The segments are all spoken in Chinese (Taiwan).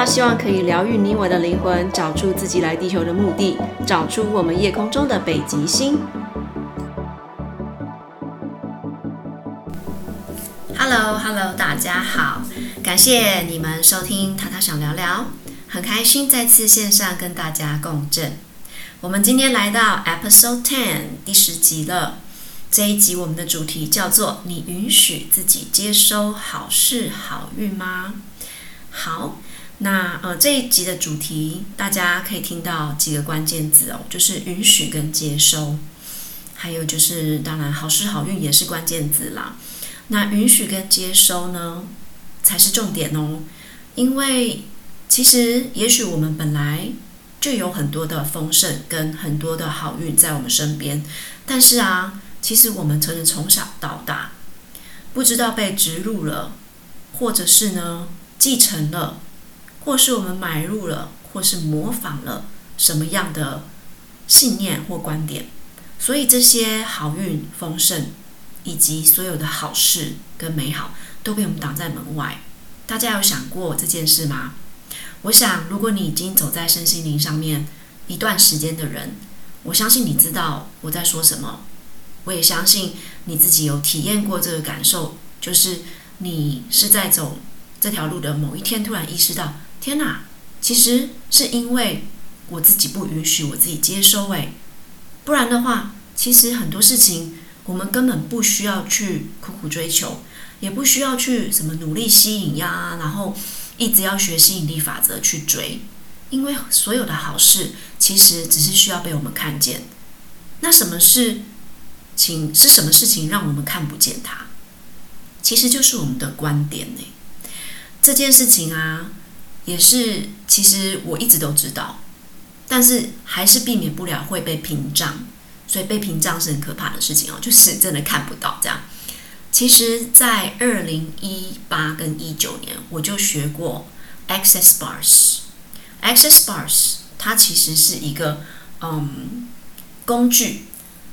那希望可以療癒你我的靈魂，找出自己來地球的目的，找出我們夜空中的北極星。Hello，Hello，hello，大家好，感謝你們收聽《塔塔想聊聊》，很開心再次線上跟大家共振。我們今天來到 Episode Ten 第十集了。這一集我們的主題叫做“你允許自己接收好事好運嗎？”好。那呃，這一集的主題，大家可以聽到幾個關鍵字哦，就是允許跟接收，還有就是當然好事好運也是關鍵字啦。那允許跟接收呢，才是重點哦，因為其實也許我們本來就有很多的豐盛跟很多的好運在我們身邊，但是啊，其實我們曾經從小到大不知道被植入了，或者是呢，繼承了。或是我們買入了，或是模仿了什麼樣的信念或觀點，所以這些好運、豐盛以及所有的好事跟美好都被我們擋在門外。大家有想過這件事嗎？我想，如果你已經走在身心靈上面一段時間的人，我相信你知道我在說什麼。我也相信你自己有體驗過這個感受，就是你是在走這條路的某一天，突然意識到。天吶，其實是因為我自己不允許我自己接收哎，不然的話，其實很多事情我們根本不需要去苦苦追求，也不需要去什麼努力吸引呀，然後一直要學吸引力法則去追，因為所有的好事其實只是需要被我們看見。那什麼事情，是什麼事情讓我們看不見它？其實就是我們的觀點哎，這件事情啊。也是，其實我一直都知道，但是還是避免不了會被屏障，所以被屏障是很可怕的事情哦，就是真的看不到這樣。其實，在二零一八跟一九年，我就學過 Ac Access Bars，Access Bars 它其實是一個嗯工具，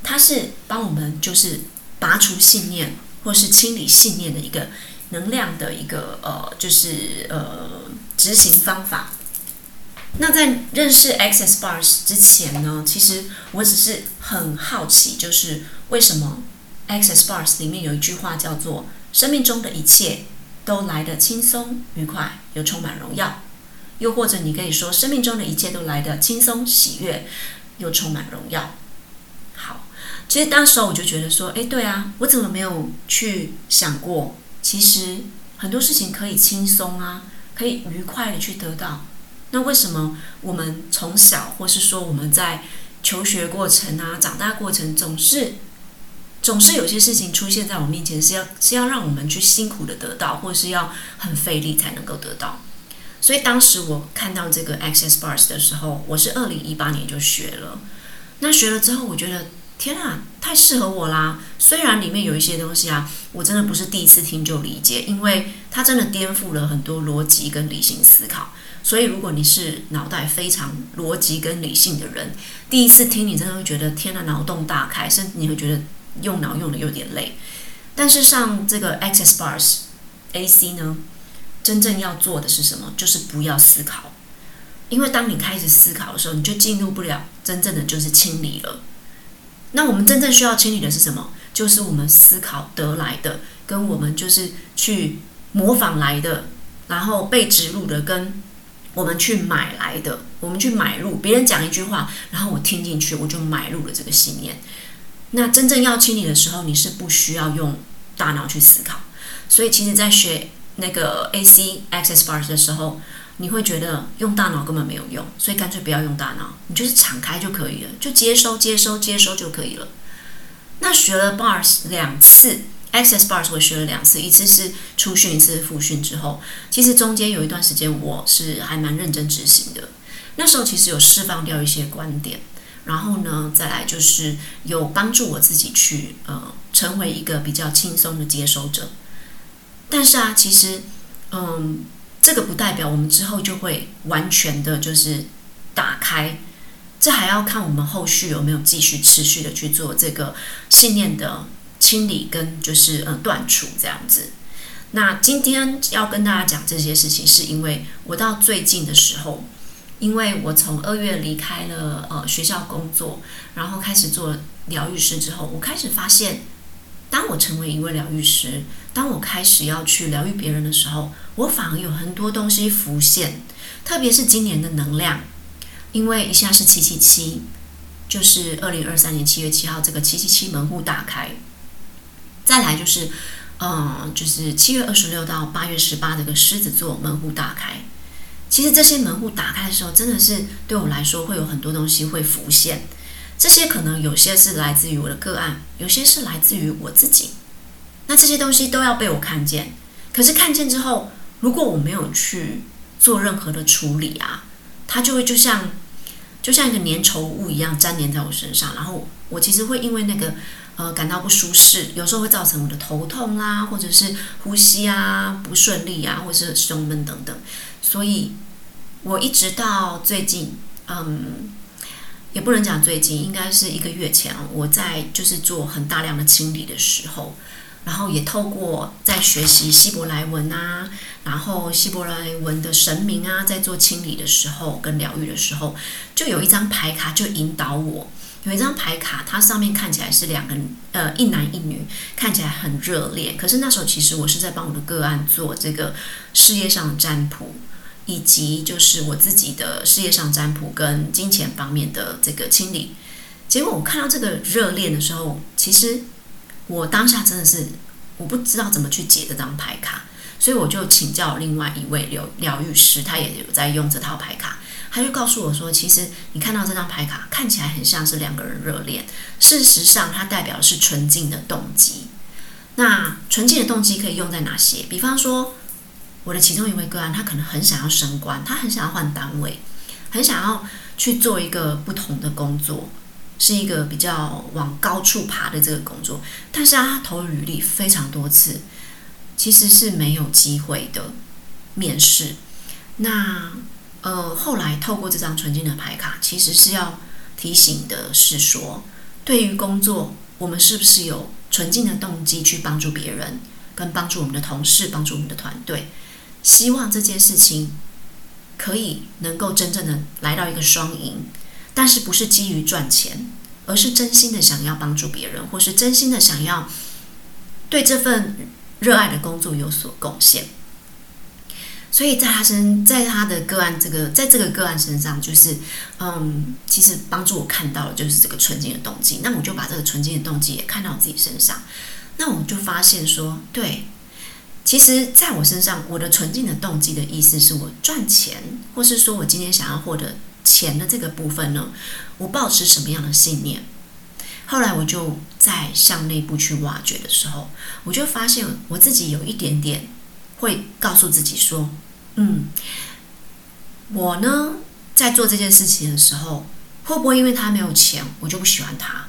它是幫我們就是拔除信念或是清理信念的一個。能量的一個呃，就是呃執行方法。那在認識 Access Bars 之前呢，其實我只是很好奇，就是為什麼 Access Bars 裡面有一句話叫做“生命中的一切都來得輕鬆愉快又充滿榮耀”，又或者你可以說“生命中的一切都來得輕鬆喜悅又充滿榮耀”。好，其實當時候我就覺得說：“哎，對啊，我怎麼沒有去想過？”其實很多事情可以輕鬆啊，可以愉快的去得到。那為什麼我們從小，或是說我們在求學過程啊、長大過程，總是總是有些事情出現在我面前，是要是要讓我們去辛苦的得到，或是要很費力才能夠得到？所以當時我看到這個 Access Bars 的時候，我是二零一八年就學了。那學了之後，我覺得。天啊，太適合我啦！雖然裡面有一些東西啊，我真的不是第一次聽就理解，因為它真的顛覆了很多邏輯跟理性思考。所以，如果你是腦袋非常邏輯跟理性的人，第一次聽你真的會覺得天吶，腦洞大開，甚至你會覺得用腦用得有點累。但是上這個 Access Bars AC 呢，真正要做的是什麼？就是不要思考，因為當你開始思考的時候，你就進入不了真正的就是清理了。那我們真正需要清理的是什麼？就是我們思考得來的，跟我們就是去模仿來的，然後被植入的，跟我們去買來的。我們去買入別人講一句話，然後我聽進去，我就買入了這個信念。那真正要清理的時候，你是不需要用大腦去思考。所以，其實在學那個 AC Access Bars 的時候，你會覺得用大腦根本沒有用，所以乾脆不要用大腦，你就是敞開就可以了，就接收、接收、接收就可以了。那學了 Bars 兩次，Access Bars 我學了兩次，一次是初訓，一次是復訓之後，其實中間有一段時間我是還蠻認真執行的。那時候其實有釋放掉一些觀點，然後呢，再來就是有幫助我自己去呃成為一個比較輕鬆的接收者。但是啊，其實嗯。這個不代表我們之後就會完全的，就是打開，這還要看我們後續有沒有繼續持續的去做這個信念的清理跟，就是呃斷除這樣子。那今天要跟大家講這些事情，是因為我到最近的時候，因為我從二月離開了呃學校工作，然後開始做療癒師之後，我開始發現，當我成為一位療癒師。當我開始要去療癒別人的時候，我反而有很多東西浮現，特別是今年的能量，因為一下是七七七，就是二零二三年七月七號這個七七七門戶大開，再來就是，嗯、呃，就是七月二十六到八月十八這個獅子座門戶大開。其實這些門戶打開的時候，真的是對我來說會有很多東西會浮現，這些可能有些是來自於我的個案，有些是來自於我自己。那這些東西都要被我看見，可是看見之後，如果我沒有去做任何的處理啊，它就會就像就像一個粘稠物一樣粘粘在我身上。然後我其實會因為那個呃感到不舒適，有時候會造成我的頭痛啦，或者是呼吸啊不順利啊，或者是胸悶等等。所以我一直到最近，嗯，也不能講最近，應該是一個月前，我在就是做很大量的清理的時候。然後也透過在學習希伯來文啊，然後希伯來文的神明啊，在做清理的時候跟療癒的時候，就有一張牌卡就引導我，有一張牌卡，它上面看起來是兩個呃一男一女，看起來很熱戀。可是那時候其實我是在幫我的個案做這個事業上佔卜，以及就是我自己的事業上佔卜跟金錢方面的這個清理。結果我看到這個熱戀的時候，其實。我當下真的是我不知道怎麼去解這張牌卡，所以我就請教另外一位療療癒師，他也有在用這套牌卡，他就告訴我說，其實你看到這張牌卡看起來很像是兩個人熱戀，事實上它代表的是純淨的動機。那純淨的動機可以用在哪些？比方說，我的其中一位個案，他可能很想要升官，他很想要換單位，很想要去做一個不同的工作。是一個比較往高處爬的這個工作，但是他、啊、投履歷非常多次，其實是沒有機會的面試。那呃，後來透過這張純淨的牌卡，其實是要提醒的是說，對於工作，我們是不是有純淨的動機去幫助別人，跟幫助我們的同事，幫助我們的團隊，希望這件事情可以能夠真正的來到一個雙贏。但是不是基於賺錢，而是真心的想要幫助別人，或是真心的想要對這份熱愛的工作有所貢獻。所以在他身，在他的個案這個，在這個個案身上，就是，嗯，其實幫助我看到的就是這個純淨的動機。那我就把這個純淨的動機也看到我自己身上。那我就發現說，對，其實在我身上，我的純淨的動機的意思是我賺錢，或是說我今天想要獲得。錢的這個部分呢，我抱持什麼樣的信念？後來我就在向內部去挖掘的時候，我就發現我自己有一點點會告訴自己說：“嗯，我呢在做這件事情的時候，會不會因為他沒有錢，我就不喜歡他，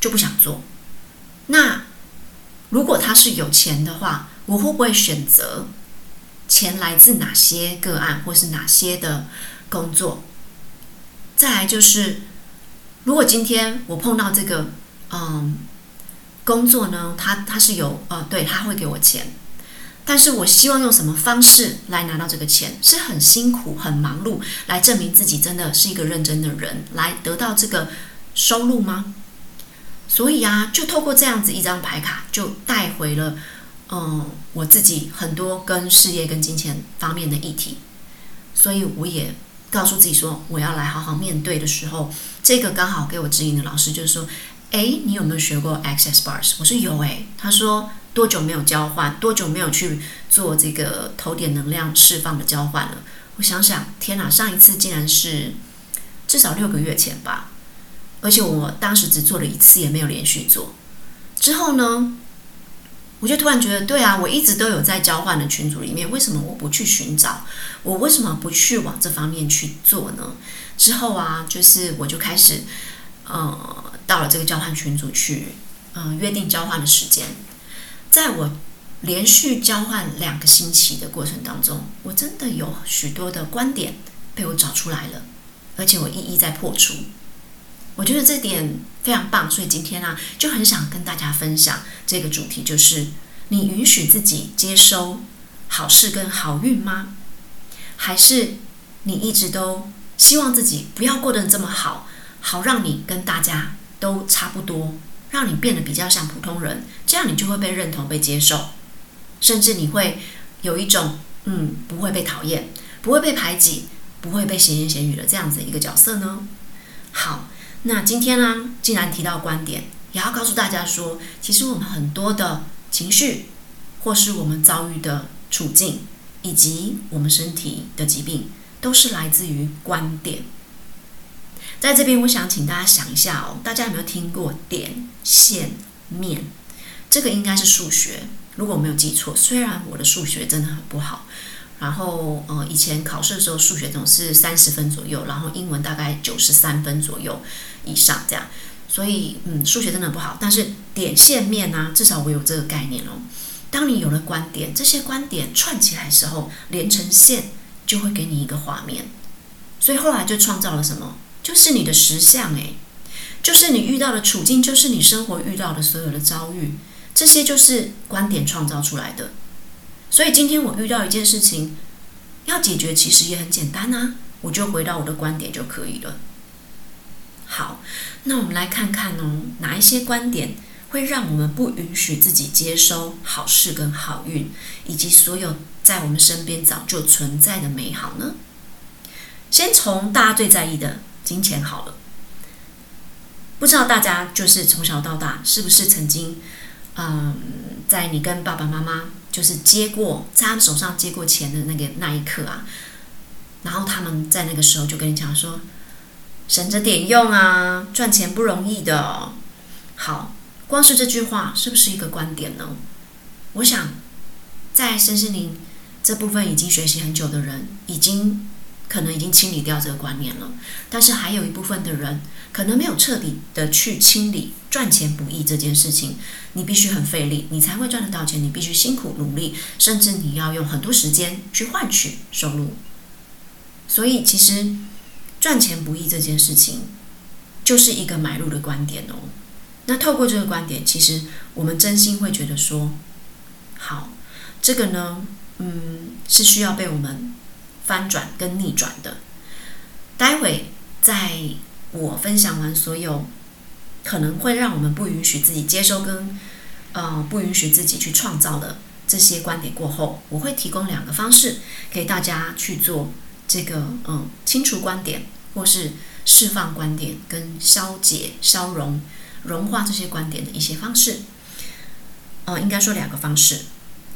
就不想做？那如果他是有錢的話，我會不會選擇錢來自哪些個案，或是哪些的工作？”再來就是，如果今天我碰到這個，嗯，工作呢，他他是有，呃，對，他會給我錢，但是我希望用什麼方式來拿到這個錢？是很辛苦、很忙碌，來證明自己真的是一個認真的人，來得到這個收入嗎？所以啊，就透過這樣子一張牌卡，就帶回了，嗯，我自己很多跟事業、跟金錢方面的議題，所以我也。告訴自己說我要來好好面對的時候，這個剛好給我指引的老師就是說：“哎，你有沒有學過 Access Bars？” 我說有哎。他說：“多久沒有交換？多久沒有去做這個頭點能量釋放的交換了？”我想想，天哪，上一次竟然是至少六個月前吧。而且我當時只做了一次，也沒有連續做。之後呢？我就突然覺得，對啊，我一直都有在交換的群組裡面，為什麼我不去尋找？我為什麼不去往這方面去做呢？之後啊，就是我就開始，呃，到了這個交換群組去，嗯、呃，約定交換的時間。在我連續交換兩個星期的過程當中，我真的有許多的觀點被我找出來了，而且我一一在破除。我覺得這點。非常棒，所以今天呢、啊、就很想跟大家分享這個主題，就是你允許自己接收好事跟好運嗎？還是你一直都希望自己不要過得這麼好，好讓你跟大家都差不多，讓你變得比較像普通人，這樣你就會被認同、被接受，甚至你會有一種嗯不會被討厭、不會被排擠、不會被閒言閒語的這樣子一個角色呢？好。那今天呢、啊，既然提到觀點，也要告訴大家說，其實我們很多的情緒，或是我們遭遇的處境，以及我們身體的疾病，都是來自於觀點。在這邊，我想請大家想一下哦，大家有沒有聽過點、線、面？這個應該是數學，如果我沒有記錯，雖然我的數學真的很不好。然後，呃，以前考試的時候，數學總是三十分左右，然後英文大概九十三分左右以上這樣。所以，嗯，數學真的不好，但是點線面啊，至少我有這個概念哦。當你有了觀點，這些觀點串起來時候，連成線，就會給你一個畫面。所以後來就創造了什麼？就是你的實相誒，就是你遇到的處境，就是你生活遇到的所有的遭遇，這些就是觀點創造出來的。所以今天我遇到一件事情，要解決其實也很簡單啊，我就回到我的觀點就可以了。好，那我們來看看哦，哪一些觀點會讓我們不允許自己接收好事跟好運，以及所有在我們身邊早就存在的美好呢？先從大家最在意的金錢好了。不知道大家就是從小到大是不是曾經，嗯，在你跟爸爸媽媽。就是接過在他們手上接過錢的那個那一刻啊，然後他們在那個時候就跟你講說，省着點用啊，賺錢不容易的。好，光是這句話是不是一個觀點呢？我想，在身心靈這部分已經學習很久的人已經。可能已經清理掉這個觀念了，但是還有一部分的人可能沒有徹底的去清理“賺錢不易”這件事情。你必須很費力，你才會賺得到錢。你必須辛苦努力，甚至你要用很多時間去換取收入。所以，其實“賺錢不易”這件事情就是一個買入的觀點哦。那透過這個觀點，其實我們真心會覺得說，好，這個呢，嗯，是需要被我們。翻轉跟逆轉的，待會在我分享完所有可能會讓我們不允許自己接收跟呃不允許自己去創造的這些觀點過後，我會提供兩個方式給大家去做這個嗯、呃、清除觀點或是釋放觀點跟消解消融融化這些觀點的一些方式。哦，應該說兩個方式。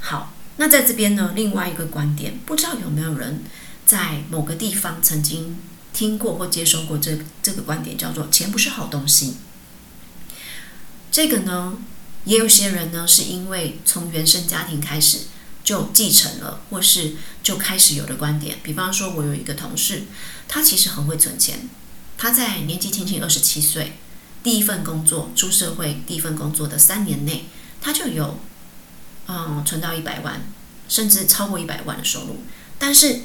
好，那在這邊呢，另外一個觀點，不知道有沒有人，在某個地方曾經聽過或接受過這這個觀點，叫做“錢不是好東西”。這個呢，也有些人呢是因為從原生家庭開始就繼承了，或是就開始有的觀點。比方說，我有一個同事，他其實很會存錢。他在年紀輕輕二十七歲，第一份工作出社會第一份工作的三年內，他就有嗯存到一百萬，甚至超過一百萬的收入。但是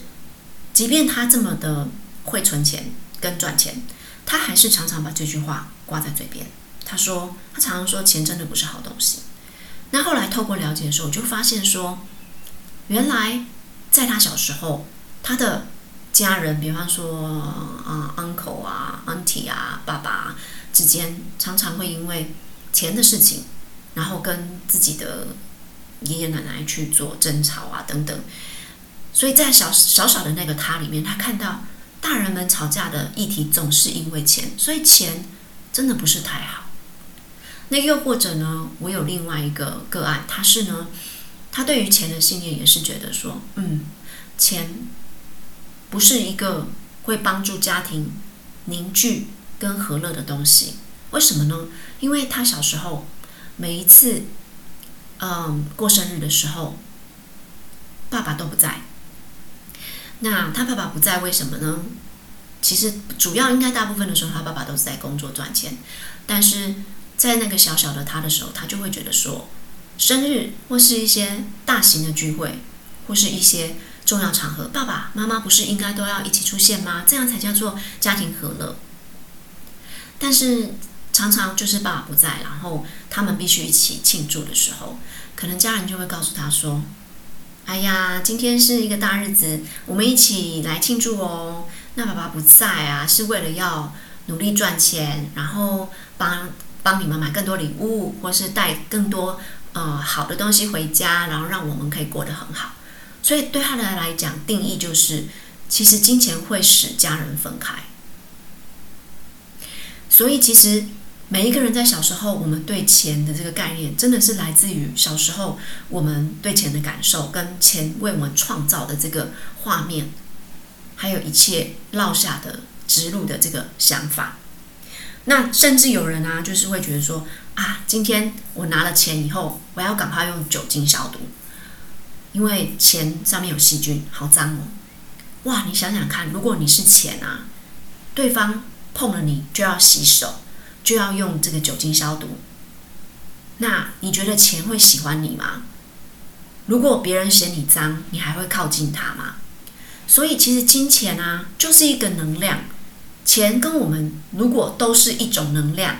即便他這麼的會存錢跟賺錢，他還是常常把這句話掛在嘴邊。他說，他常常說錢真的不是好東西。那後來透過了解的時候，我就發現說，原來在他小時候，他的家人，比方說啊、uh, uncle 啊、auntie 啊、爸爸之間，常常會因為錢的事情，然後跟自己的爺爺奶奶去做爭吵啊等等。所以在小小小的那個他裡面，他看到大人們吵架的議題總是因為錢，所以錢真的不是太好。那又或者呢？我有另外一個個案，他是呢，他對於錢的信念也是覺得說，嗯，錢不是一個會幫助家庭凝聚跟和樂的東西。為什麼呢？因為他小時候每一次，嗯，過生日的時候，爸爸都不在。那他爸爸不在，為什麼呢？其實主要應該大部分的時候，他爸爸都是在工作賺錢。但是在那個小小的他的時候，他就會覺得說，生日或是一些大型的聚會，或是一些重要場合，爸爸媽媽不是應該都要一起出現嗎？這樣才叫做家庭和樂。但是常常就是爸爸不在，然後他們必須一起慶祝的時候，可能家人就會告訴他說。哎呀，今天是一個大日子，我們一起來慶祝哦。那爸爸不在啊，是為了要努力賺錢，然後幫幫你們買更多禮物，或是帶更多呃好的東西回家，然後讓我們可以過得很好。所以對他來講，定義就是，其實金錢會使家人分開。所以其實。每一個人在小時候，我們對錢的這個概念，真的是來自於小時候我們對錢的感受，跟錢為我們創造的這個畫面，還有一切烙下的植入的這個想法。那甚至有人啊，就是會覺得說：啊，今天我拿了錢以後，我要趕快用酒精消毒，因為錢上面有細菌，好髒哦！哇，你想想看，如果你是錢啊，對方碰了你就要洗手。就要用這個酒精消毒。那你覺得錢會喜歡你嗎？如果別人嫌你髒，你還會靠近他嗎？所以，其實金錢啊，就是一個能量。錢跟我們如果都是一種能量，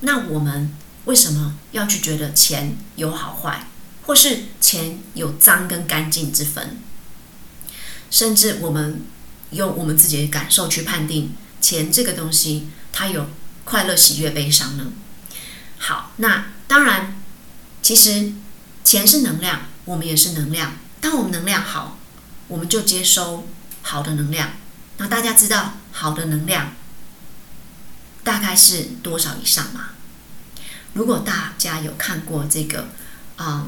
那我們為什麼要去覺得錢有好壞，或是錢有髒跟乾淨之分？甚至我們用我們自己的感受去判定錢這個東西，它有快樂、喜悅、悲傷呢？好，那當然，其實錢是能量，我們也是能量。當我們能量好，我們就接收好的能量。那大家知道好的能量大概是多少以上嗎？如果大家有看過這個，嗯、呃，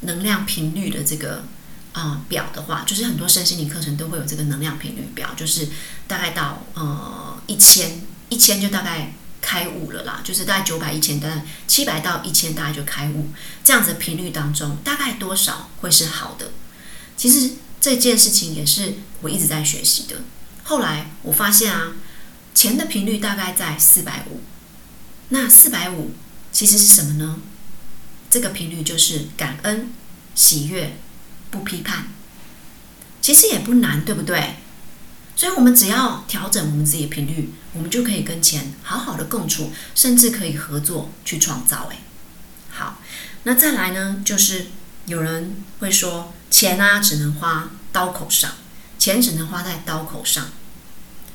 能量頻率的這個啊、呃，表的話，就是很多身心靈課程都會有這個能量頻率表，就是大概到呃一千。一千就大概開悟了啦，就是大概九百一千，大概七百到一千大概就開悟。這樣子的頻率當中，大概多少會是好的？其實這件事情也是我一直在學習的。後來我發現啊，錢的頻率大概在四百五。那四百五其實是什麼呢？這個頻率就是感恩、喜悅、不批判。其實也不難，對不對？所以，我們只要調整我們自己的頻率，我們就可以跟錢好好的共處，甚至可以合作去創造。誒，好，那再來呢？就是有人會說，錢啊，只能花刀口上，錢只能花在刀口上。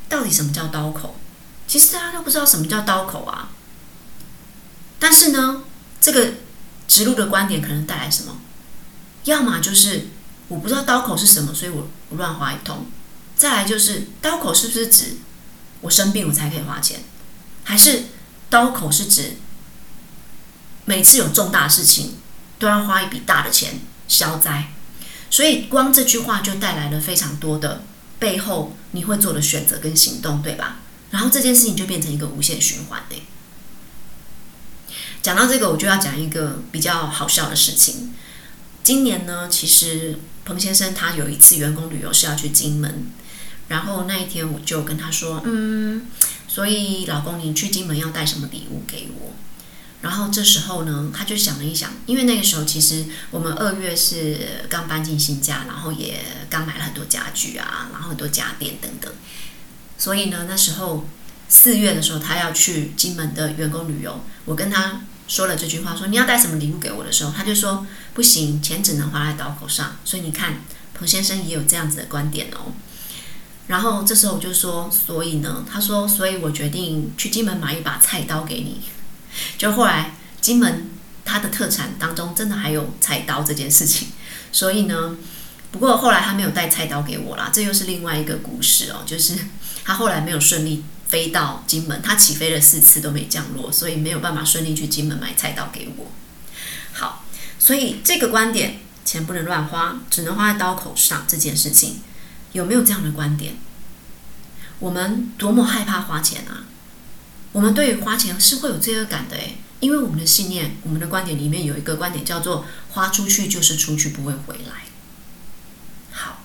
到底什麼叫刀口？其實大家都不知道什麼叫刀口啊。但是呢，這個植入的觀點可能帶來什麼？要麼就是我不知道刀口是什麼，所以我我亂花一通。再來就是刀口是不是指我生病我才可以花錢，還是刀口是指每次有重大事情都要花一筆大的錢消災？所以光這句話就帶來了非常多的背後你會做的選擇跟行動，對吧？然後這件事情就變成一個無限循環誒、欸。講到這個，我就要講一個比較好笑的事情。今年呢，其實彭先生他有一次員工旅遊是要去金門。然後那一天我就跟他說：“嗯，所以老公，你去金門要帶什麼禮物給我？”然後這時候呢，他就想了一想，因為那個時候其實我們二月是剛搬進新家，然後也剛買了很多家具啊，然後很多家電等等。所以呢，那時候四月的時候，他要去金門的員工旅遊，我跟他說了這句話說：“說你要帶什麼禮物給我的時候，他就說不行，錢只能花在刀口上。”所以你看，彭先生也有這樣子的觀點哦。然後這時候我就說，所以呢，他說，所以我決定去金門買一把菜刀給你。就後來金門它的特產當中真的還有菜刀這件事情，所以呢，不過後來他沒有帶菜刀給我啦，這又是另外一個故事哦。就是他後來沒有順利飛到金門，他起飛了四次都沒降落，所以沒有辦法順利去金門買菜刀給我。好，所以這個觀點，錢不能亂花，只能花在刀口上這件事情。有沒有這樣的觀點？我們多麼害怕花錢啊！我們對於花錢是會有罪惡感的，因為我們的信念、我們的觀點裡面有一個觀點叫做“花出去就是出去，不會回來”。好，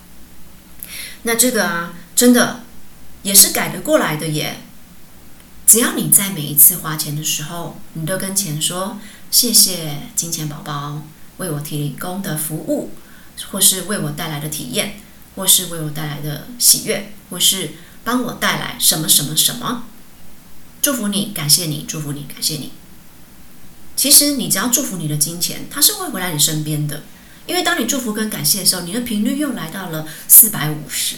那這個啊，真的也是改得過來的耶。只要你在每一次花錢的時候，你都跟錢說：“謝謝，金錢寶寶為我提供的服務，或是為我帶來的體驗。”或是為我帶來的喜悅，或是幫我帶來什麼什麼什麼，祝福你，感謝你，祝福你，感謝你。其實你只要祝福你的金錢，它是會回來你身邊的。因為當你祝福跟感謝的時候，你的頻率又來到了四百五十。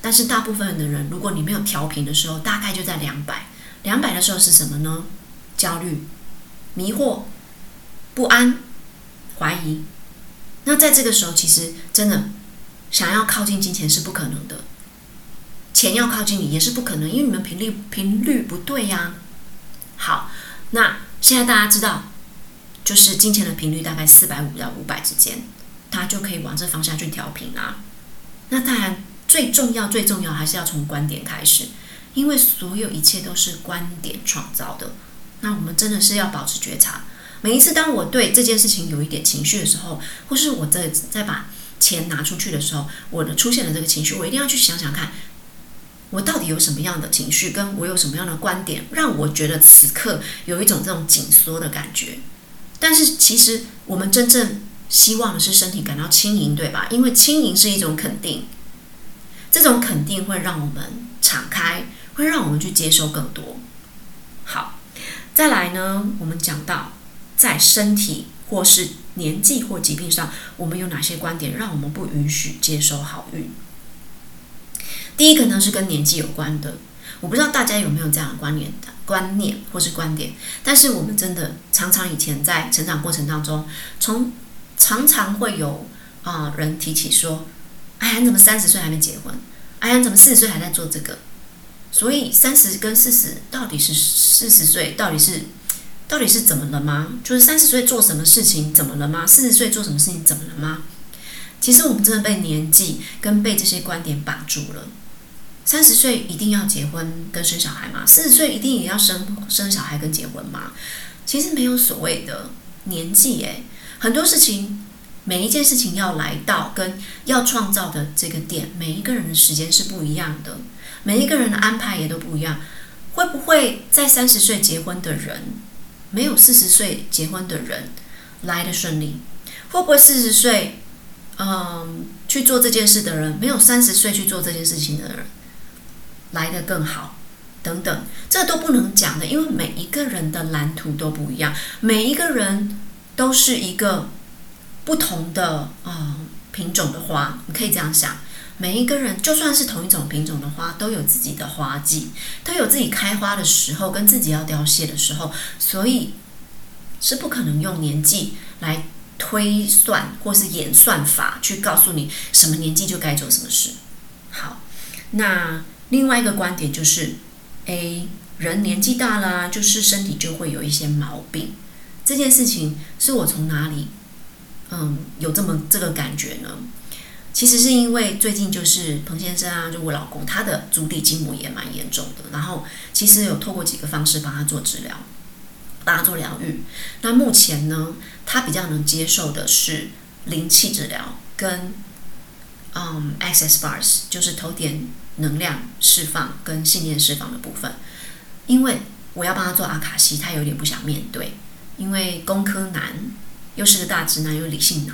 但是大部分的人，如果你沒有調頻的時候，大概就在兩百。兩百的時候是什麼呢？焦慮、迷惑、不安、懷疑。那在這個時候，其實真的。想要靠近金錢是不可能的，錢要靠近你也是不可能，因為你們頻率頻率不對呀、啊。好，那現在大家知道，就是金錢的頻率大概四百五到五百之間，它就可以往這方向去調頻啦。那當然，最重要最重要還是要從觀點開始，因為所有一切都是觀點創造的。那我們真的是要保持覺察，每一次當我對這件事情有一點情緒的時候，或是我這再把，錢拿出去的時候，我的出現了這個情緒，我一定要去想想看，我到底有什麼樣的情緒，跟我有什麼樣的觀點，讓我覺得此刻有一種這種緊縮的感覺。但是其實我們真正希望的是身體感到輕盈，對吧？因為輕盈是一種肯定，這種肯定會讓我們敞開，會讓我們去接受更多。好，再來呢，我們講到在身體或是。年紀或疾病上，我們有哪些觀點，讓我們不允許接收好運？第一個呢，是跟年紀有關的。我不知道大家有沒有這樣的觀念、觀念或是觀點，但是我們真的常常以前在成長過程當中，從常常會有啊人提起說：“哎呀，你怎麼三十歲還沒結婚？哎呀，你怎麼四十歲還在做這個？”所以三十跟四十到底是四十歲到底是？到底是怎麼了嗎？就是三十歲做什麼事情怎麼了嗎？四十歲做什麼事情怎麼了嗎？其實我們真的被年紀跟被這些觀點綁住了。三十歲一定要結婚跟生小孩嗎？四十歲一定也要生生小孩跟結婚嗎？其實沒有所謂的年紀，誒，很多事情每一件事情要來到跟要創造的這個點，每一個人的時間是不一樣的，每一個人的安排也都不一樣。會不會在三十歲結婚的人？沒有四十歲結婚的人來的順利，會不會四十歲，嗯，去做這件事的人，沒有三十歲去做這件事情的人來的更好？等等，這都不能講的，因為每一個人的藍圖都不一樣，每一個人都是一個不同的，嗯，品種的花，你可以這樣想。每一個人，就算是同一種品種的花，都有自己的花季，都有自己開花的時候，跟自己要凋謝的時候，所以是不可能用年紀來推算或是演算法去告訴你什麼年紀就該做什麼事。好，那另外一個觀點就是，誒，人年紀大了，就是身體就會有一些毛病。這件事情是我從哪裡，嗯，有這麼這個感覺呢？其實是因為最近就是彭先生啊，就我老公，他的足底筋膜也蠻嚴重的。然後其實有透過幾個方式幫他做治療，幫他做療癒。那目前呢，他比較能接受的是靈氣治療跟嗯，Access Bars，就是頭點能量釋放跟信念釋放的部分。因為我要幫他做阿卡西，他有點不想面對，因為工科男又是個大直男，又理性腦。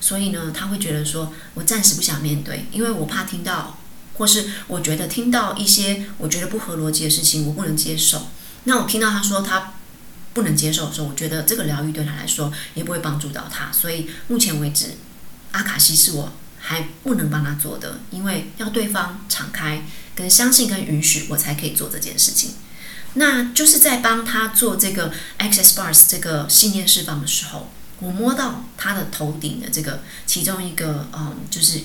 所以呢，他會覺得說，我暫時不想面對，因為我怕聽到，或是我覺得聽到一些我覺得不合邏輯的事情，我不能接受。那我聽到他說他不能接受的時候，我覺得這個療癒對他來說也不會幫助到他。所以目前為止，阿卡西是我還不能幫他做的，因為要對方敞開、跟相信、跟允許，我才可以做這件事情。那就是在幫他做這個 Access Bars 這個信念釋放的時候。我摸到他的頭頂的這個其中一個，呃、嗯，就是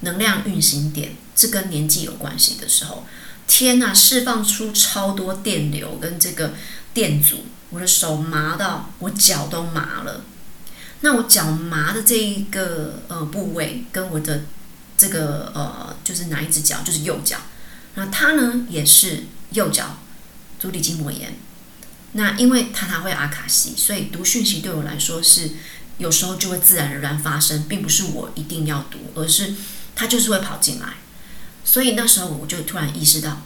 能量運行點，是跟年紀有關係的時候，天吶，釋放出超多電流跟這個電阻，我的手麻到我腳都麻了。那我腳麻的這一個呃部位跟我的這個呃就是哪一隻腳，就是右腳。那他呢也是右腳足底筋膜炎。那因為他他會阿卡西，所以讀訊息對我來說是有時候就會自然而然發生，並不是我一定要讀，而是他就是會跑進來。所以那時候我就突然意識到，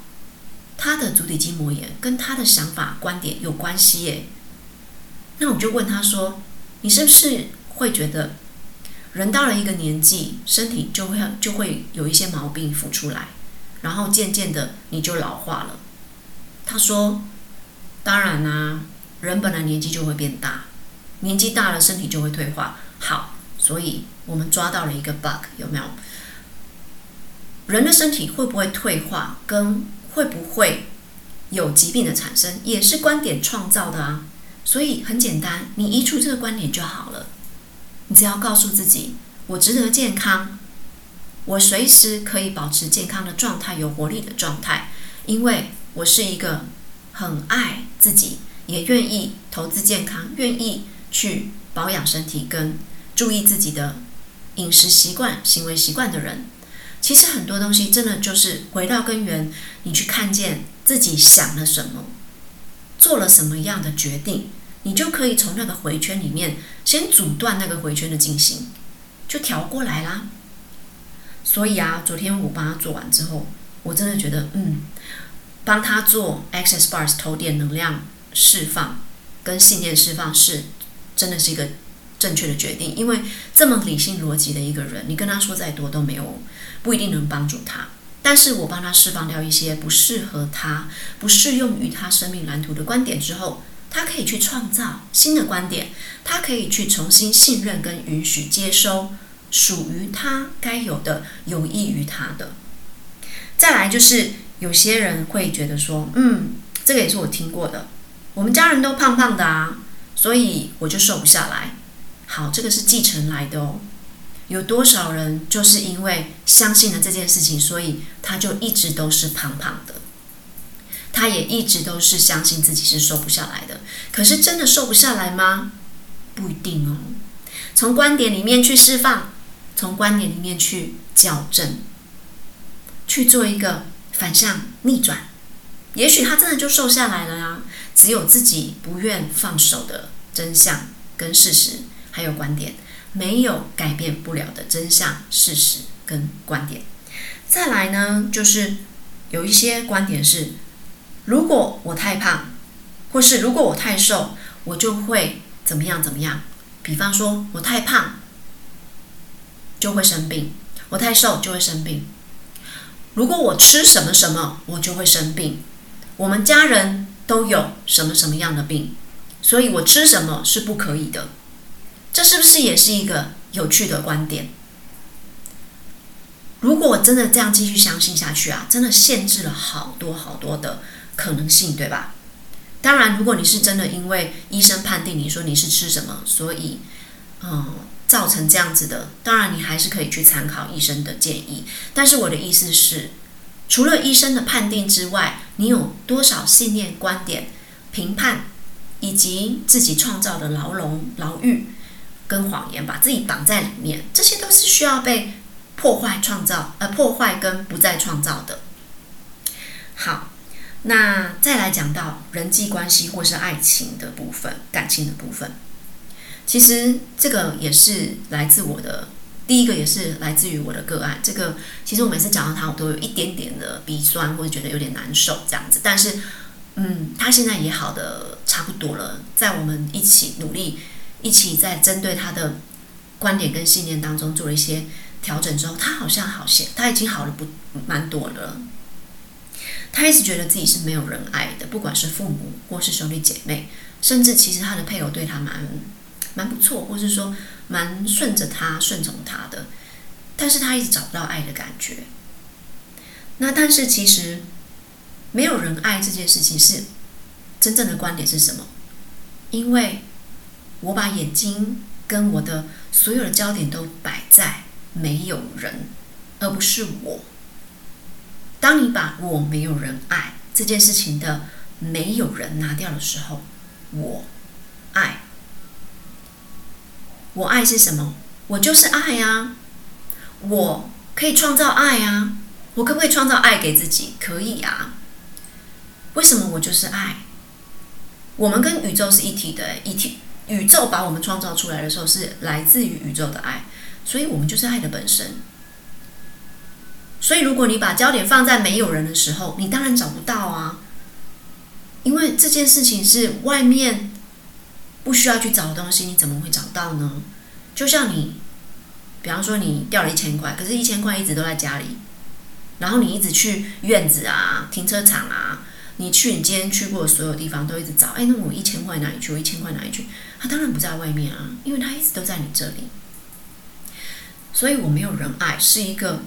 他的足底筋膜炎跟他的想法觀點有關係耶。那我就問他說：“你是不是會覺得，人到了一個年紀，身體就會就會有一些毛病浮出來，然後漸漸的你就老化了？”他說。當然啦啊，人本來年紀就會變大，年紀大了身體就會退化。好，所以我們抓到了一個 bug，有沒有？人的身體會不會退化，跟會不會有疾病的產生，也是觀點創造的啊。所以很簡單，你移除這個觀點就好了。你只要告訴自己，我值得健康，我隨時可以保持健康的狀態，有活力的狀態，因為我是一個。很愛自己，也願意投資健康，願意去保養身體，跟注意自己的飲食習慣、行為習慣的人。其實很多東西真的就是回到根源，你去看見自己想了什麼，做了什麼樣的決定，你就可以從那個回圈裡面先阻斷那個回圈的進行，就調過來啦。所以啊，昨天我幫他做完之後，我真的覺得，嗯。幫他做 Access Bars 頭點能量釋放跟信念釋放，是真的是一個正確的決定，因為這麼理性邏輯的一個人，你跟他說再多都沒有，不一定能幫助他。但是我幫他釋放掉一些不適合他、不適用於他生命藍圖的觀點之後，他可以去創造新的觀點，他可以去重新信任跟允許接收屬於他該有的、有益於他的。再來就是。有些人會覺得說：“嗯，這個也是我聽過的，我們家人都胖胖的啊，所以我就瘦不下來。”好，這個是繼承來的哦。有多少人就是因為相信了這件事情，所以他就一直都是胖胖的，他也一直都是相信自己是瘦不下來的。可是真的瘦不下來嗎？不一定哦。從觀點裡面去釋放，從觀點裡面去矯正，去做一個。反向逆轉，也許他真的就瘦下來了呀、啊。只有自己不願放手的真相跟事實，還有觀點，沒有改變不了的真相、事實跟觀點。再來呢，就是有一些觀點是：如果我太胖，或是如果我太瘦，我就會怎麼樣怎麼樣。比方說我太胖就會生病，我太瘦就會生病。如果我吃什麼什麼，我就會生病。我們家人都有什麼什麼樣的病，所以我吃什麼是不可以的。這是不是也是一個有趣的觀點？如果我真的這樣繼續相信下去啊，真的限制了好多好多的可能性，對吧？當然，如果你是真的因為醫生判定你說你是吃什麼，所以，嗯。造成這樣子的，當然你還是可以去參考醫生的建議。但是我的意思是，除了醫生的判定之外，你有多少信念、觀點、評判，以及自己創造的牢籠、牢獄跟謊言，把自己綁在裡面，這些都是需要被破壞、創造，而、呃、破壞跟不再創造的。好，那再來講到人際關係或是愛情的部分，感情的部分。其實這個也是來自我的第一個，也是來自於我的個案。這個其實我每次講到他，我都有一點點的鼻酸，或者覺得有點難受這樣子。但是，嗯，他現在也好的差不多了。在我們一起努力、一起在針對他的觀點跟信念當中做了一些調整之後，他好像好些，他已經好的不蠻多了。他一直覺得自己是沒有人愛的，不管是父母或是兄弟姐妹，甚至其實他的配偶對他蠻。蠻不錯，或是說蠻順着他，順從他的，但是他一直找不到愛的感覺。那但是其實沒有人愛這件事情是真正的觀點是什麼？因為我把眼睛跟我的所有的焦點都擺在沒有人，而不是我。當你把我沒有人愛這件事情的沒有人拿掉的時候，我。我愛是什麼？我就是愛啊！我可以創造愛啊！我可不可以創造愛給自己？可以啊！為什麼我就是愛？我們跟宇宙是一體的，一體。宇宙把我們創造出來的時候，是來自於宇宙的愛，所以我們就是愛的本身。所以，如果你把焦點放在沒有人的時候，你當然找不到啊，因為這件事情是外面。不需要去找東西，你怎麼會找到呢？就像你，比方說你掉了一千塊，可是一千塊一直都在家裡，然後你一直去院子啊、停車場啊，你去你今天去過所有地方都一直找，哎，那我一千塊哪裡去？我一千塊哪裡去？他當然不在外面啊，因為他一直都在你這裡。所以我沒有人愛，是一個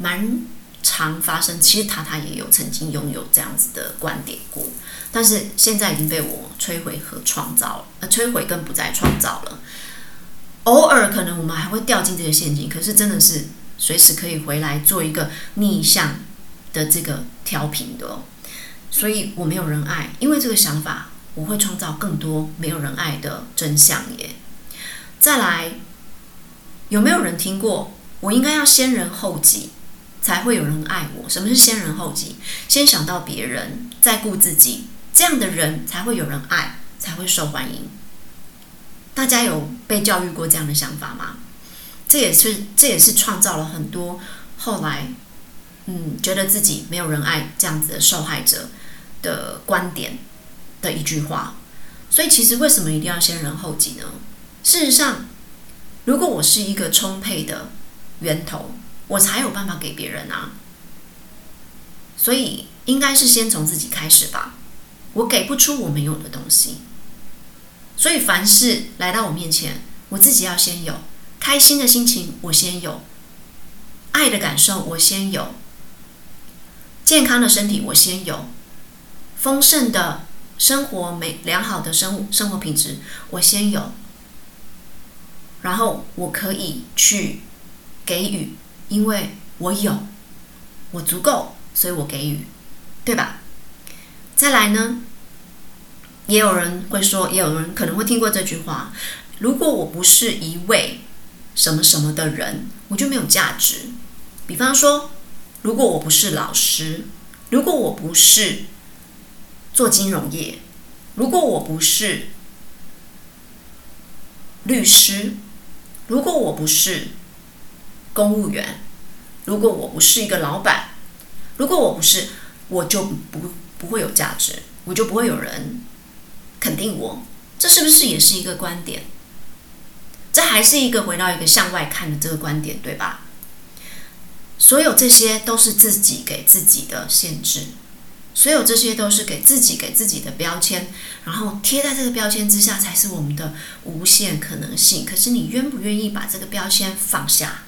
蠻常發生。其實他他也有曾經擁有這樣子的觀點過。但是現在已經被我摧毀和創造了，而、呃、摧毀跟不再創造了。偶爾可能我們還會掉進這個陷阱，可是真的是隨時可以回來做一個逆向的這個調頻的、哦。所以我沒有人愛，因為這個想法我會創造更多沒有人愛的真相耶。再來，有沒有人聽過？我應該要先人後己，才會有人愛我。什麼是先人後己？先想到別人，再顧自己。這樣的人才會有人愛，才會受歡迎。大家有被教育過這樣的想法嗎？這也是這也是創造了很多後來嗯，覺得自己沒有人愛這樣子的受害者的觀點的一句話。所以，其實為什麼一定要先人後己呢？事實上，如果我是一個充沛的源頭，我才有辦法給別人啊。所以，應該是先從自己開始吧。我給不出我沒有的東西，所以凡事來到我面前，我自己要先有開心的心情，我先有愛的感受，我先有健康的身體，我先有豐盛的生活美，美良好的生物生活品質，我先有，然後我可以去給予，因為我有，我足夠，所以我給予，對吧？再來呢，也有人會說，也有人可能會聽過這句話，如果我不是一位什麼什麼的人，我就沒有價值。比方說，如果我不是老師，如果我不是做金融業，如果我不是律師，如果我不是公務員，如果我不是一個老闆，如果我不是，我就不。不會有價值，我就不會有人肯定我。這是不是也是一個觀點？這還是一個回到一個向外看的這個觀點，對吧？所有這些都是自己給自己的限制，所有這些都是給自己給自己的標籤，然後貼在這個標籤之下才是我們的無限可能性。可是你願不願意把這個標籤放下？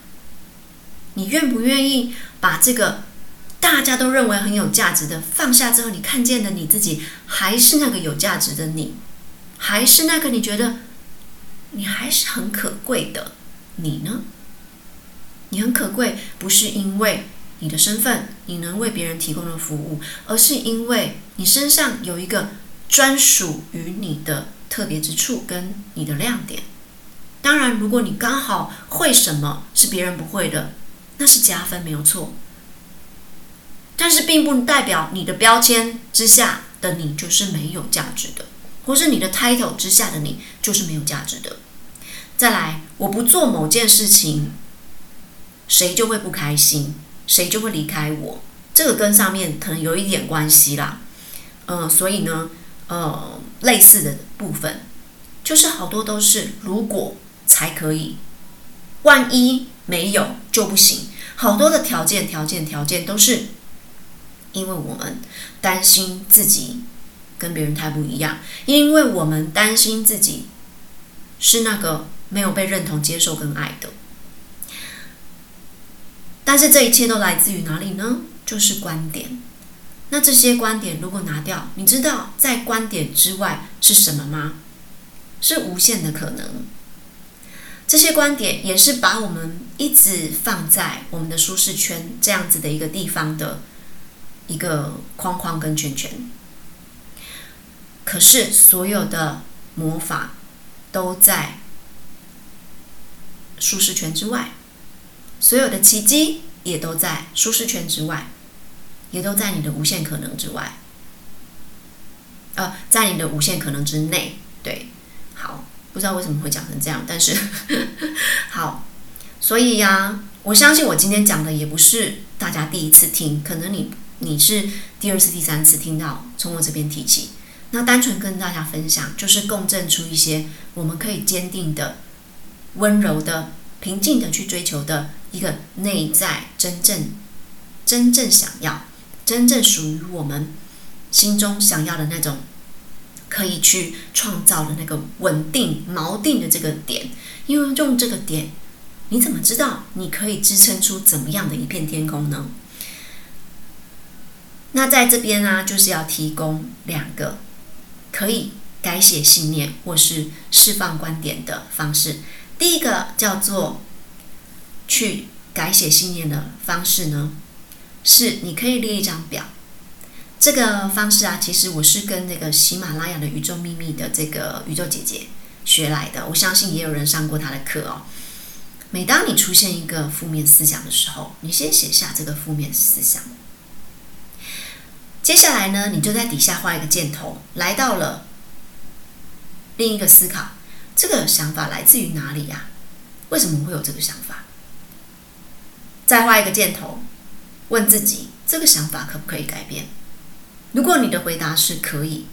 你願不願意把這個？大家都認為很有價值的，放下之後，你看見的你自己，還是那個有價值的你，還是那個你覺得你還是很可貴的你呢？你很可貴，不是因為你的身份，你能為別人提供的服務，而是因為你身上有一個專屬於你的特別之處跟你的亮點。當然，如果你剛好會什麼，是別人不會的，那是加分，沒有錯。但是並不代表你的標籤之下的你就是沒有價值的，或是你的 title 之下的你就是沒有價值的。再來，我不做某件事情，誰就會不開心，誰就會離開我。這個跟上面可能有一點關係啦。嗯、呃，所以呢，呃，類似的部分，就是好多都是如果才可以，萬一沒有就不行。好多的條件，條件，條件都是。因為我們擔心自己跟別人太不一樣，因為我們擔心自己是那個沒有被認同、接受跟愛的。但是這一切都來自於哪裡呢？就是觀點。那這些觀點如果拿掉，你知道在觀點之外是什麼嗎？是無限的可能。這些觀點也是把我們一直放在我們的舒適圈這樣子的一個地方的。一個框框跟圈圈，可是所有的魔法都在舒適圈之外，所有的奇蹟也都在舒適圈之外，也都在你的無限可能之外，呃，在你的無限可能之內。對，好，不知道為什麼會講成這樣，但是 好，所以呀，我相信我今天講的也不是大家第一次聽，可能你。你是第二次、第三次聽到從我這邊提起，那單純跟大家分享，就是共振出一些我們可以堅定的、溫柔的、平靜的去追求的一個內在真正、真正想要、真正屬於我們心中想要的那種可以去創造的那個穩定錨定的這個點，因為用這個點，你怎麼知道你可以支撐出怎麼樣的一片天空呢？那在這邊呢、啊，就是要提供兩個可以改寫信念或是釋放觀點的方式。第一個叫做去改寫信念的方式呢，是你可以列一張表。這個方式啊，其實我是跟那個喜馬拉雅的宇宙秘密的這個宇宙姐姐學來的。我相信也有人上過她的課哦。每當你出現一個負面思想的時候，你先寫下這個負面思想。接下來呢，你就在底下畫一個箭頭，來到了另一個思考。這個想法來自於哪裡呀？為什麼會有這個想法？再畫一個箭頭，問自己這個想法可不可以改變？如果你的回答是可以，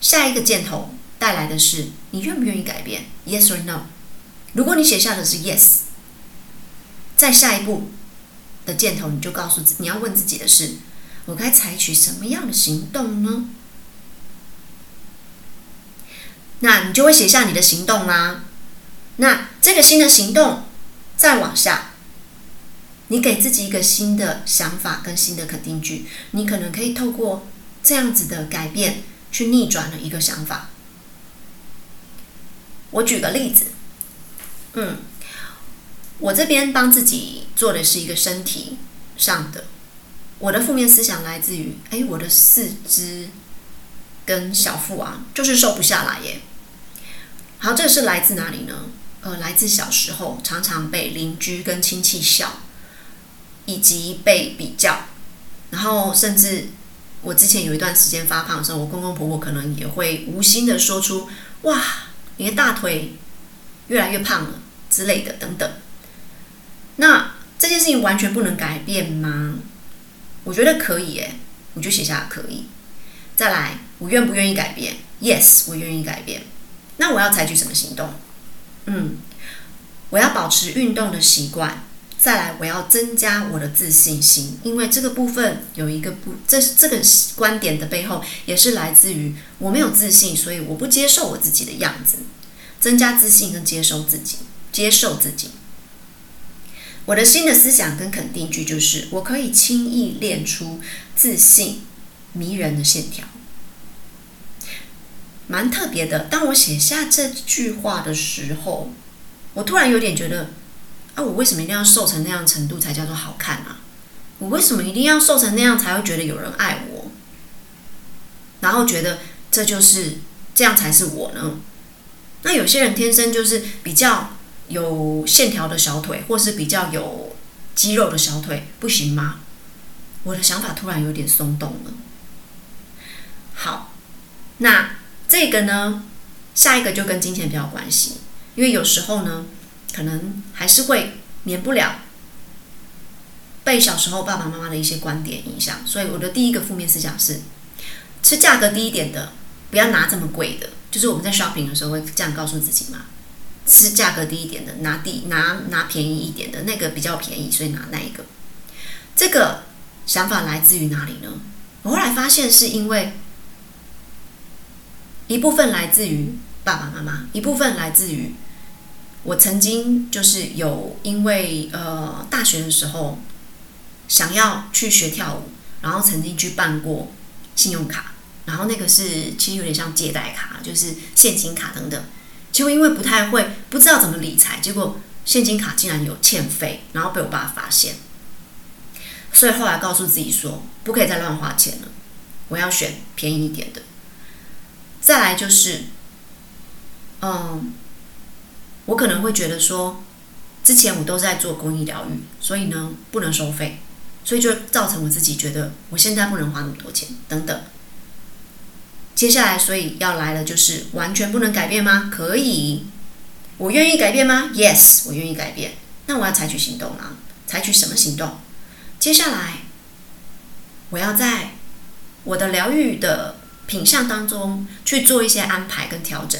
下一個箭頭帶來的是你願不願意改變？Yes or no？如果你寫下的是 Yes，在下一步的箭頭，你就告訴你要問自己的是。我該採取什麼樣的行動呢？那你就會寫下你的行動啦。那這個新的行動，再往下，你給自己一個新的想法跟新的肯定句，你可能可以透過這樣子的改變，去逆轉了一個想法。我舉個例子，嗯，我這邊幫自己做的是一個身體上的。我的負面思想來自於：哎、欸，我的四肢跟小腹啊，就是瘦不下來耶。好，這個是來自哪裡呢？呃，來自小時候常常被鄰居跟親戚笑，以及被比較，然後甚至我之前有一段時間發胖的時候，我公公婆婆可能也會無心的說出：“哇，你的大腿越來越胖了”之類的等等。那這件事情完全不能改變嗎？我覺得可以誒，我就寫下可以。再來，我願不願意改變？Yes，我願意改變。那我要採取什麼行動？嗯，我要保持運動的習慣。再來，我要增加我的自信心，因為這個部分有一個不，這這個觀點的背後也是來自於我沒有自信，所以我不接受我自己的樣子。增加自信跟接受自己，接受自己。我的新的思想跟肯定句就是：我可以輕易練出自信、迷人的線條，蠻特別的。當我寫下這句話的時候，我突然有點覺得：啊，我為什麼一定要瘦成那樣程度才叫做好看啊？我為什麼一定要瘦成那樣才會覺得有人愛我？然後覺得這就是這樣才是我呢？那有些人天生就是比較。有線條的小腿，或是比較有肌肉的小腿，不行嗎？我的想法突然有點鬆動了。好，那這個呢？下一個就跟金錢比較有關係，因為有時候呢，可能還是會免不了被小時候爸爸媽媽的一些觀點影響。所以我的第一個負面思想是：吃價格低一點的，不要拿這麼貴的。就是我們在 shopping 的時候會這樣告訴自己嗎？吃價格低一點的，拿低拿拿便宜一點的，那個比較便宜，所以拿那一個。這個想法來自於哪裡呢？我後來發現是因為一部分來自於爸爸媽媽，一部分來自於我曾經就是有因為呃大學的時候想要去學跳舞，然後曾經去辦過信用卡，然後那個是其實有點像借貸卡，就是現金卡等等。就因為不太會，不知道怎麼理財，結果現金卡竟然有欠費，然後被我爸發現，所以後來告訴自己說，不可以再亂花錢了，我要選便宜一點的。再來就是，嗯，我可能會覺得說，之前我都是在做公益療癒，所以呢不能收費，所以就造成我自己覺得我現在不能花那麼多錢，等等。接下來，所以要來的就是完全不能改變嗎？可以，我願意改變嗎？Yes，我願意改變。那我要採取行動了，採取什麼行動？接下來，我要在我的療癒的品項當中去做一些安排跟調整，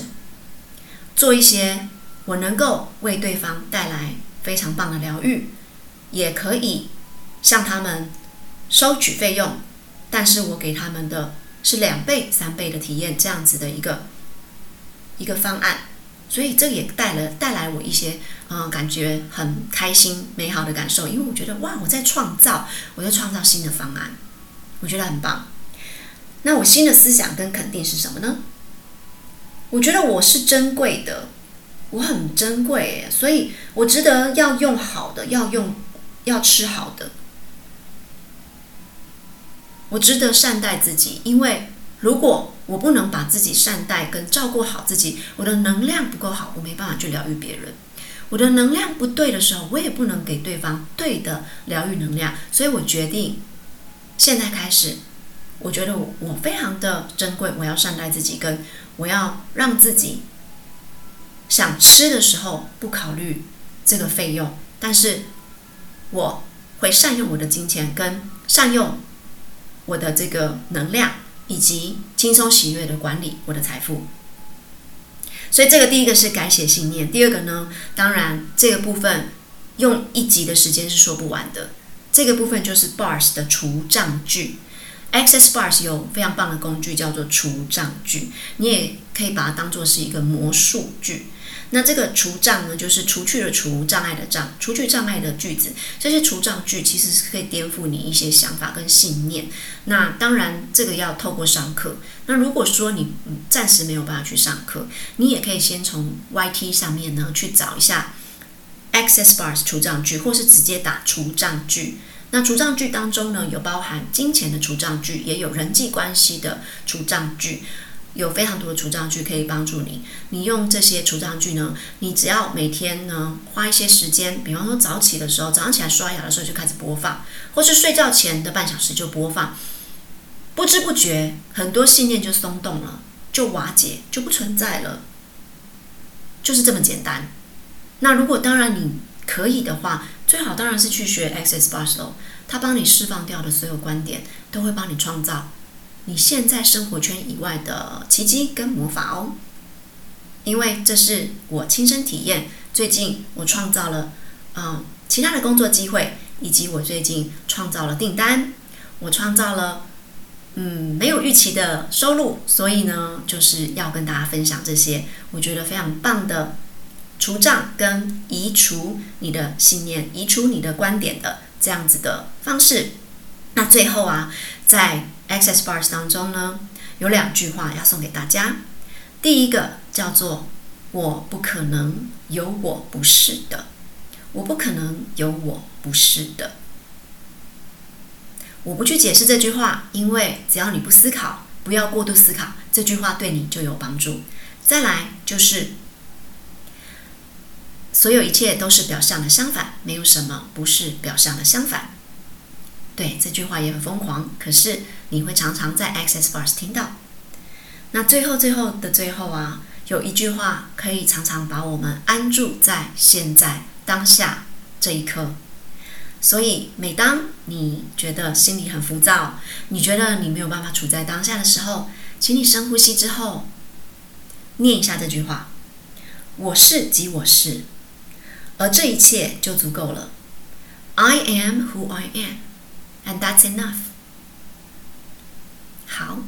做一些我能夠為對方帶來非常棒的療癒，也可以向他們收取費用，但是我給他們的，是兩倍、三倍的體驗，這樣子的一個一個方案，所以這也帶了帶來我一些，嗯、呃，感覺很開心、美好的感受。因為我覺得，哇，我在創造，我在創造新的方案，我覺得很棒。那我新的思想跟肯定是什麼呢？我覺得我是珍貴的，我很珍貴，所以，我值得要用好的，要用要吃好的。我值得善待自己，因為如果我不能把自己善待跟照顧好自己，我的能量不夠好，我沒辦法去療癒別人。我的能量不對的時候，我也不能給對方對的療癒能量。所以我決定，現在開始，我覺得我非常的珍貴，我要善待自己，跟我要讓自己想吃的時候不考慮這個費用，但是我會善用我的金錢跟善用。我的這個能量以及輕鬆喜悅的管理我的財富，所以這個第一個是改寫信念。第二個呢，當然這個部分用一集的時間是說不完的。這個部分就是 Bars 的除障句，Access Bars 有非常棒的工具叫做除障句，你也可以把它當做是一個魔術句。那這個除障呢，就是除去了除障礙的障，除去障礙的句子，這些除障句其實是可以顛覆你一些想法跟信念。那當然，這個要透過上課。那如果說你暫時沒有辦法去上課，你也可以先從 YT 上面呢去找一下 Access Bars 除障句，或是直接打除障句。那除障句當中呢，有包含金錢的除障句，也有人際關係的除障句。有非常多的除障具，可以幫助你。你用這些除障具呢，你只要每天呢花一些時間，比方說早起的時候，早上起來刷牙的時候就開始播放，或是睡覺前的半小時就播放，不知不覺很多信念就鬆動了，就瓦解，就不存在了，就是這麼簡單。那如果當然你可以的話，最好當然是去學 Access Barlow，它幫你釋放掉的所有觀點，都會幫你創造。你現在生活圈以外的奇蹟跟魔法哦，因為這是我親身體驗。最近我創造了，嗯，其他的工作機會，以及我最近創造了訂單，我創造了，嗯，沒有預期的收入。所以呢，就是要跟大家分享這些我覺得非常棒的除障跟移除你的信念、移除你的觀點的這樣子的方式。那最後啊，在 Access bars 當中呢，有兩句話要送給大家。第一個叫做“我不可能有我不是的”，我不可能有我不是的。我不去解釋這句話，因為只要你不思考，不要過度思考，這句話對你就有幫助。再來就是，所有一切都是表象的相反，沒有什麼不是表象的相反。對，這句話也很瘋狂，可是。你會常常在 Access Bars 聽到。那最後最後的最後啊，有一句話可以常常把我們安住在現在當下這一刻。所以，每當你覺得心裡很浮躁，你覺得你沒有辦法處在當下的時候，請你深呼吸之後，念一下這句話：“我是即我是”，而這一切就足夠了。I am who I am, and that's enough. 好，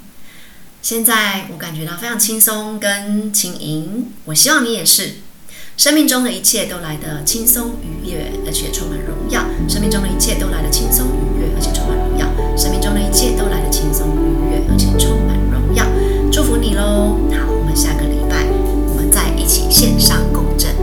現在我感覺到非常輕鬆跟輕盈，我希望你也是。生命中的一切都來得輕鬆愉悅，而且充滿榮耀。生命中的一切都來得輕鬆愉悅，而且充滿榮耀。生命中的一切都來得輕鬆愉悅，而且充滿榮耀。祝福你嘍！好，我們下個禮拜我們再一起線上共振。